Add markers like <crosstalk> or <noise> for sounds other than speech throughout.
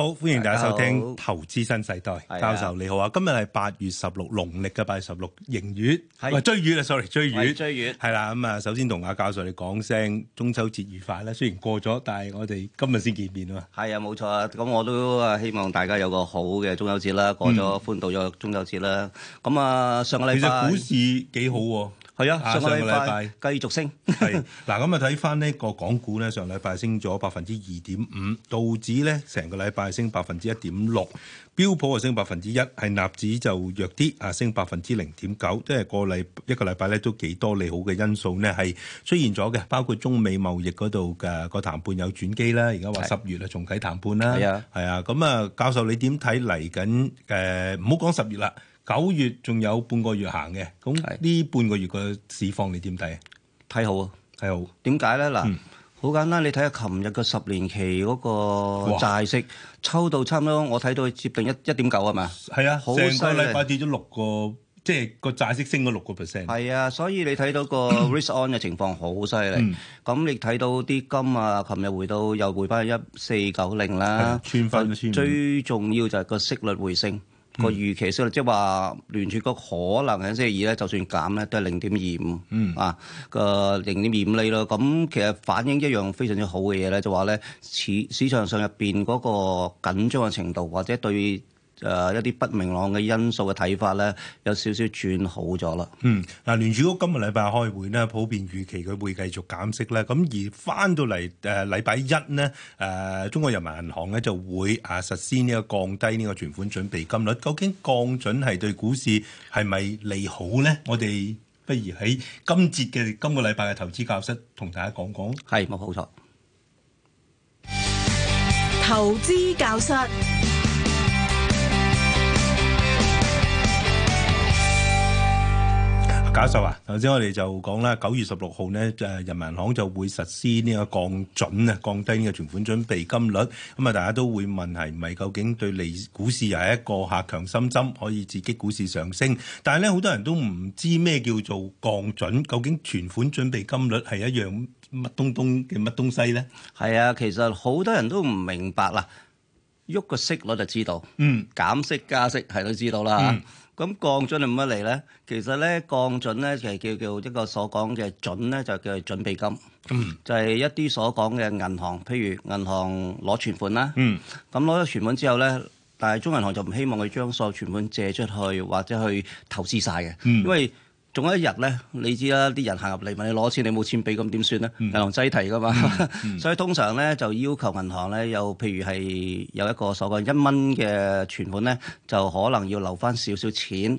好，歡迎大家收聽投資新世代。教授你好啊，今日係八月十六，農曆嘅八月十六，迎月，唔係，追月啦，sorry，追月。追月。係啦。咁啊，首先同阿教授你講聲中秋節愉快啦。雖然過咗，但係我哋今日先見面啊嘛。係啊，冇錯啊。咁我都啊希望大家有個好嘅中秋節啦。過咗，歡度咗中秋節啦。咁啊，上個禮拜其實股市幾好喎。係啊，上個禮拜繼續升。係嗱、啊，咁啊睇翻呢個港股咧，上禮拜升咗百分之二點五，道指咧成個禮拜升百分之一點六，標普啊升百分之一，係納指就弱啲啊，升百分之零點九。即係個禮一個禮拜咧都幾多利好嘅因素咧，係出現咗嘅，包括中美貿易嗰度嘅個談判有轉機啦。而家話十月啊，重啟談判啦。係啊的，係啊的，咁啊，教授你點睇嚟緊？誒，唔好講十月啦。九月仲有半個月行嘅，咁呢半個月嘅市況你點睇？睇好啊，睇好。點解咧？嗱，好簡單，你睇下琴日嘅十年期嗰個債息，抽到差唔多，我睇到接近一一點九啊嘛。係啊，好犀利，成個禮拜跌咗六個，即係個債息升咗六個 percent。係啊，所以你睇到個 risk on 嘅情況好犀利。咁你睇到啲金啊，琴日回到又回翻一四九零啦。千分千。最重要就係個息率回升。個預期息，即係話聯儲局可能喺星期二咧，就算減咧，都係零點二五啊，個零點二五釐咯。咁其實反映一樣非常之好嘅嘢咧，就話咧市市場上入邊嗰個緊張嘅程度，或者對，誒一啲不明朗嘅因素嘅睇法咧，有少少轉好咗啦。嗯，嗱聯儲局今日禮拜開會咧，普遍預期佢會繼續減息咧。咁而返到嚟誒禮拜一咧，誒中國人民銀行咧就會啊實施呢個降低呢個存款準備金率。究竟降準係對股市係咪利好咧？我哋不如喺今節嘅今個禮拜嘅投資教室同大家講講。係冇錯，投資教室。教授啊，頭先我哋就講啦，九月十六號咧，誒人民行就會實施呢個降準啊，降低呢個存款準備金率。咁啊，大家都會問係唔係究竟對利股市又係一個下強心針，可以刺激股市上升？但係咧，好多人都唔知咩叫做降準，究竟存款準備金率係一樣乜東東嘅乜東西呢？係啊，其實好多人都唔明白啦，喐個息率就知道，嗯，減息加息係都知道啦咁降準係乜嚟呢？其實咧降準咧其實叫做一個所講嘅準咧，就叫準備金，嗯、就係一啲所講嘅銀行，譬如銀行攞存款啦。咁攞咗存款之後呢，但係中銀行就唔希望佢將所有存款借出去或者去投資晒嘅，嗯、因為仲有一日咧，你知啦，啲人行入嚟問你攞錢，你冇錢俾咁點算咧？嗯、銀行擠提噶嘛，嗯嗯、 <laughs> 所以通常咧就要求銀行咧，又譬如係有一個所謂一蚊嘅存款咧，就可能要留翻少少錢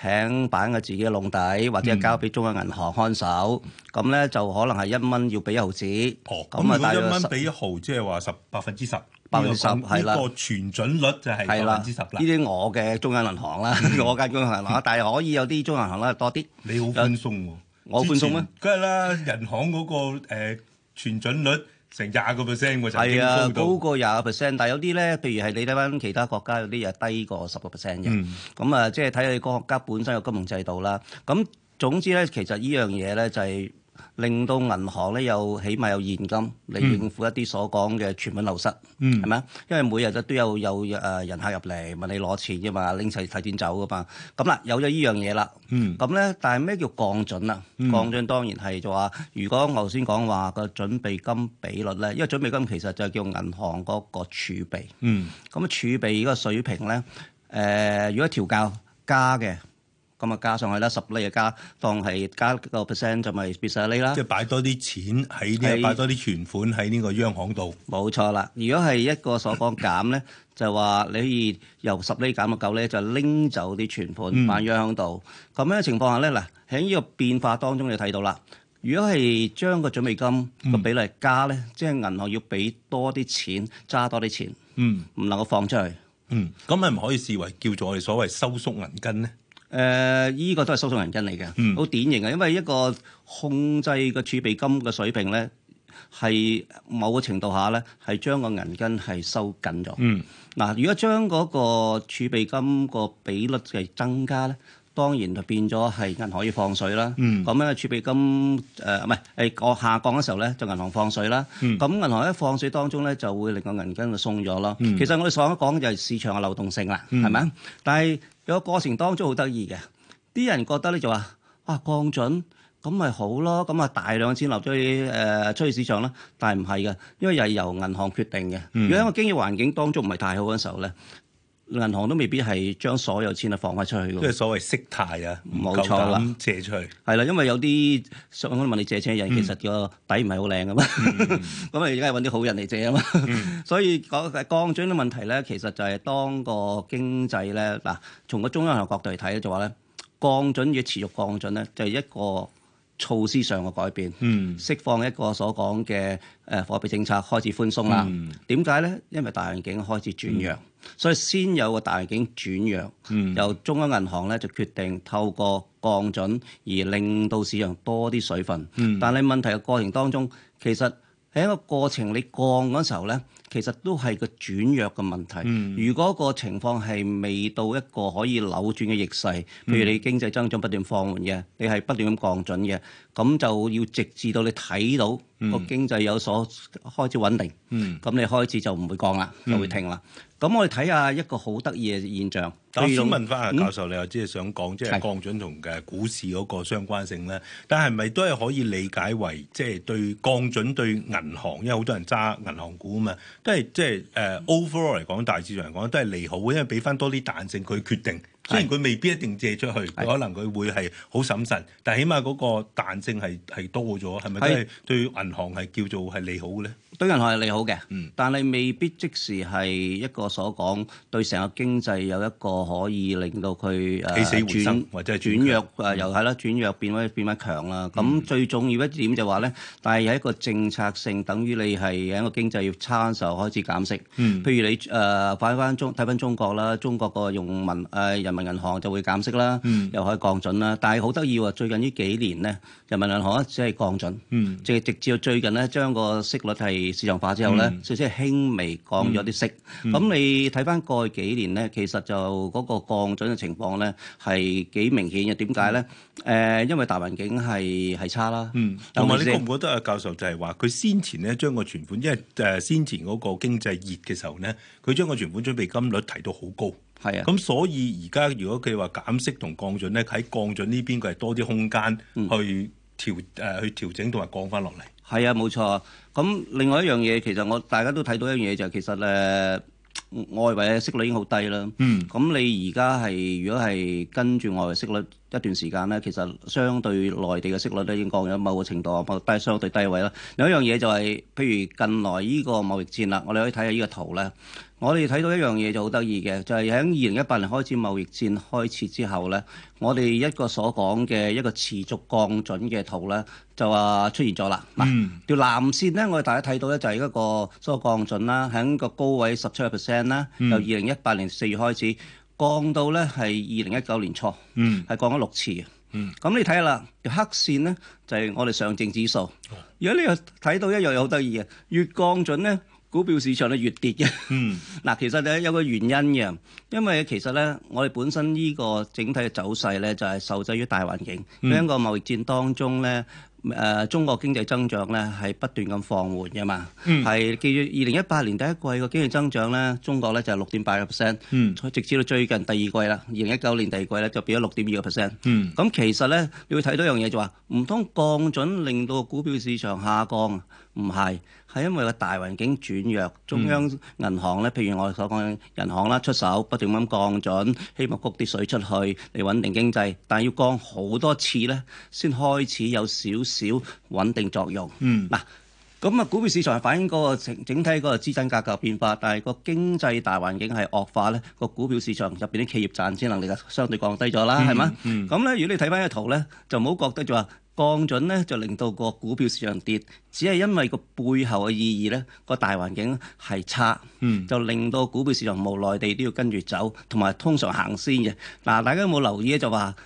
喺板嘅自己嘅籠底，或者交俾中央銀行看守。咁咧、嗯、就可能係一蚊要俾一毫子。咁啊、哦，大一蚊俾一毫，即係話十百分之十。百分之十係啦，個存準率就係百分之十啦。呢啲我嘅中銀銀行啦，我間中銀行啦，但係可以有啲中銀行咧多啲。你好寬鬆喎，我寬鬆咩？梗係啦，銀行嗰個誒存準率成廿個 percent 喎，就已經高到。係啊，高過廿個 percent，但係有啲咧，譬如係你睇翻其他國家有啲又低過十個 percent 嘅。咁啊，即係睇下你國家本身嘅金融制度啦。咁總之咧，其實呢樣嘢咧就係。令到銀行咧有起碼有現金嚟應付一啲所講嘅存款流失，係咪啊？因為每日都都有有誒人客入嚟問你攞錢嘅嘛，拎齊提錢走嘅嘛。咁啦，有咗依、嗯、樣嘢啦。咁咧，但係咩叫降準啊？嗯、降準當然係就話，如果我頭先講話個準備金比率咧，因為準備金其實就係叫銀行嗰個儲備。咁、嗯、儲備嗰個水平咧，誒、呃、如果調校加嘅。咁啊，加上去啦，十厘又加，當係加、個 percent，就咪變曬一厘啦。即係擺多啲錢喺呢，擺多啲存款喺呢個央行度。冇錯啦。如果係一個所講減咧， <coughs> 就話你可以由十厘減到九咧，就拎走啲存款擺、嗯、央行度。咁樣嘅情況下咧，嗱喺呢個變化當中，你睇到啦。如果係將個準備金個比例加咧，嗯、即係銀行要俾多啲錢，揸多啲錢，嗯，唔能夠放出去。嗯，咁係咪可以視為叫做我哋所謂收縮銀根咧？誒，依個都係收縮銀根嚟嘅，好典型嘅。因為一個控制個儲備金嘅水平咧，係某個程度下咧，係將個銀根係收緊咗。嗱，如果將嗰個儲備金個比率係增加咧，當然就變咗係銀行可以放水啦。咁樣儲備金誒唔係誒我下降嘅時候咧，就銀行放水啦。咁銀行一放水當中咧，就會令個銀根就鬆咗咯。其實我哋所講就係市場嘅流動性啦，係咪啊？但係有個過程當中好得意嘅，啲人覺得咧就話，哇降準咁咪好咯，咁啊大量嘅錢流出去誒、呃，出去市場啦。但係唔係嘅，因為又係由銀行決定嘅。如果喺個經濟環境當中唔係太好嘅時候咧，銀行都未必係將所有錢啊放翻出去，即係所謂息貸啊，冇錯啦，借出去係啦， <noise> 因為有啲想問你借錢嘅人，嗯、其實個底唔係好靚嘅嘛，咁啊、嗯，而家揾啲好人嚟借啊嘛， <laughs> 所以講降準嘅問題咧，其實就係當個經濟咧嗱，從個中央銀行角度嚟睇咧，就話咧降準與持續降準咧，就係、是、一個措施上嘅改變，嗯、釋放一個所講嘅誒貨幣政策開始寬鬆啦。點解咧？因為大環境開始轉弱。嗯所以先有個大環境轉弱，嗯、由中央銀行咧就決定透過降準而令到市場多啲水分，嗯、但係問題嘅過程當中其實。喺一個過程，你降嗰時候咧，其實都係個轉弱嘅問題。嗯、如果個情況係未到一個可以扭轉嘅逆勢，譬如你經濟增長不斷放緩嘅，你係不斷咁降準嘅，咁就要直至到你睇到個經濟有所開始穩定，咁、嗯、你開始就唔會降啦，就會停啦。咁、嗯、我哋睇下一個好得意嘅現象。嗯、我想問翻阿教授，你又即係想講即係降準同嘅股市嗰個相關性咧？是但係咪都係可以理解為即係、就是、對降準對銀行，因為好多人揸銀行股啊嘛，都係即係誒 overall 嚟講，大致上嚟講都係利好，因為俾翻多啲彈性，佢決定。雖然佢未必一定借出去，可能佢會係好審慎，但起碼嗰個彈性係係多咗，係咪都係對銀行係叫做係利好咧？對銀行係利好嘅，嗯，但係未必即時係一個所講對成個經濟有一個可以令到佢起死回生，或者轉弱啊，又係啦，轉弱變為變得強啦。咁最重要一點就話咧，但係有一個政策性，等於你係一個經濟要差嘅時候開始減息。譬如你誒反翻中睇返中國啦，中國個用民誒人民。銀行就會減息啦，又可以降準啦。但係好得意喎，最近呢幾年咧，人民銀行只係降準，即係直至最近咧，將個息率係市場化之後咧，少少輕微降咗啲息。咁你睇翻過去幾年咧，其實就嗰個降準嘅情況咧係幾明顯嘅。點解咧？誒，因為大環境係係差啦。嗯，同埋你覺唔覺得啊？教授就係話，佢先前咧將個存款，因為誒先前嗰個經濟熱嘅時候咧，佢將個存款準備金率提到好高。係啊，咁所以而家如果佢話減息同降準咧，喺降準呢邊佢係多啲空間去調誒、嗯呃、去調整同埋降翻落嚟。係啊，冇錯。咁另外一樣嘢，其實我大家都睇到一樣嘢就係、是、其實誒、呃、外圍嘅息率已經好低啦。嗯。咁你而家係如果係跟住外圍息率一段時間呢，其實相對內地嘅息率都已經降咗某個程度，但係相對低位啦。有一樣嘢就係、是，譬如近來呢個貿易戰啦，我哋可以睇下呢個圖咧。我哋睇到一樣嘢就好得意嘅，就係喺二零一八年開始貿易戰開始之後咧，我哋一個所講嘅一個持續降準嘅圖咧，就話出現咗啦。嗱、mm.，條藍線咧，我哋大家睇到咧就係一個所降準啦，喺個高位十七個 percent 啦，由二零一八年四月開始。Mm. 嗯降到咧係二零一九年初，係、嗯、降咗六次嘅。咁、嗯、你睇下啦，黑線咧就係我哋上證指數。如果你個睇到一樣又好得意嘅，越降準咧，股票市場咧越跌嘅。嗱、嗯， <laughs> 其實咧有個原因嘅，因為其實咧我哋本身呢個整體嘅走勢咧就係受制於大環境，喺個、嗯、貿易戰當中咧。誒、呃、中國經濟增長咧係不斷咁放緩嘅嘛，係、嗯、記住二零一八年第一季嘅經濟增長咧，中國咧就係六點八個 percent，再直至到最近第二季啦，二零一九年第二季咧就變咗六點二個 percent。咁、嗯、其實咧，你要睇到一樣嘢就話、是，唔通降準令到個股票市場下降啊？唔係，係因為個大環境轉弱，中央銀行咧，譬如我哋所講，銀行啦，出手不斷咁降準，希望谷啲水出去嚟穩定經濟，但係要降好多次咧，先開始有少少穩定作用。嗯，嗱，咁啊，股票市場反映個整體個資產價格變化，但係個經濟大環境係惡化咧，個股票市場入邊啲企業賺錢能力啊，相對降低咗啦，係嘛？嗯，咁咧，如果你睇翻個圖咧，就唔好覺得就話。降準咧就令到個股票市場跌，只係因為個背後嘅意義咧、個大環境係差，嗯、就令到股票市場無奈地都要跟住走，同埋通常行先嘅嗱、啊。大家有冇留意咧？就話、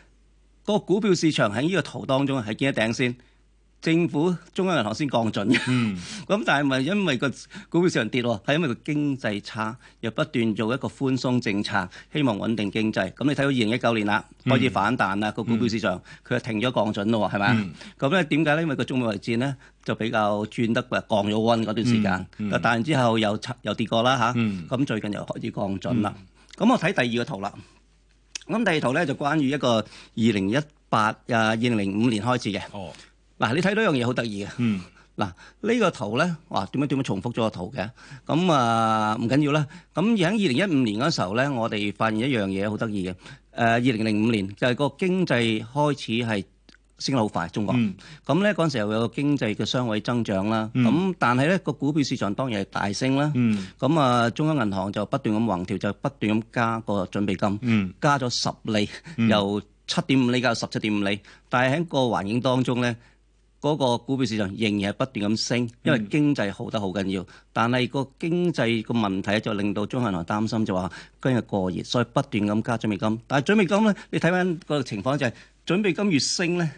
個股票市場喺呢個圖當中係見一頂先。政府中央銀行先降準嘅，咁、嗯、但係咪因為個股票市場跌喎？係因為個經濟差，又不斷做一個寬鬆政策，希望穩定經濟。咁你睇到二零一九年啦，嗯、開始反彈啦個、嗯、股票市場，佢又停咗降準咯，係咪？咁咧點解咧？因為個中美戰咧就比較轉得嘅降咗溫嗰段時間，嗯嗯、但之後又又跌過啦吓，咁、啊嗯、最近又開始降準啦。咁、嗯嗯、我睇第二個圖啦。咁第二圖咧就關於一個二零一八啊二零零五年開始嘅。哦嗱，你睇到一樣嘢好得意嘅。嗱，呢個圖咧，哇，點解點解重複咗個圖嘅？咁啊，唔緊要啦。咁而喺二零一五年嗰時候咧，我哋發現一樣嘢好得意嘅。誒、呃，二零零五年就係、是、個經濟開始係升得好快，中國。咁咧嗰陣時候有個經濟嘅雙位增長啦。咁、嗯、但係咧個股票市場當然係大升啦。咁啊、嗯，中央銀行就不斷咁橫調，就不斷咁加個準備金，加咗十厘，由七點五厘加到十七點五厘。但係喺個環境當中咧。嗰個股票市場仍然係不斷咁升，因為經濟好得好緊要。但係個經濟個問題就令到中央銀行擔心，就話今日過熱，所以不斷咁加準備金。但係準備金咧，你睇翻個情況就係準備金越升咧，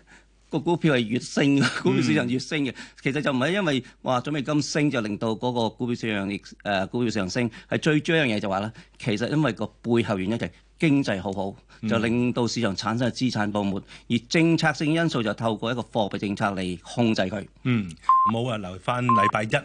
個股票係越升，股票市場越升嘅。嗯、其實就唔係因為話準備金升就令到嗰個股票市場亦、呃、股票市場升，係最主要一樣嘢就話、是、啦，其實因為個背後原因就係。經濟好好就令到市場產生資產泡沫，而政策性因素就透過一個貨幣政策嚟控制佢。嗯，冇啊，留返禮拜一。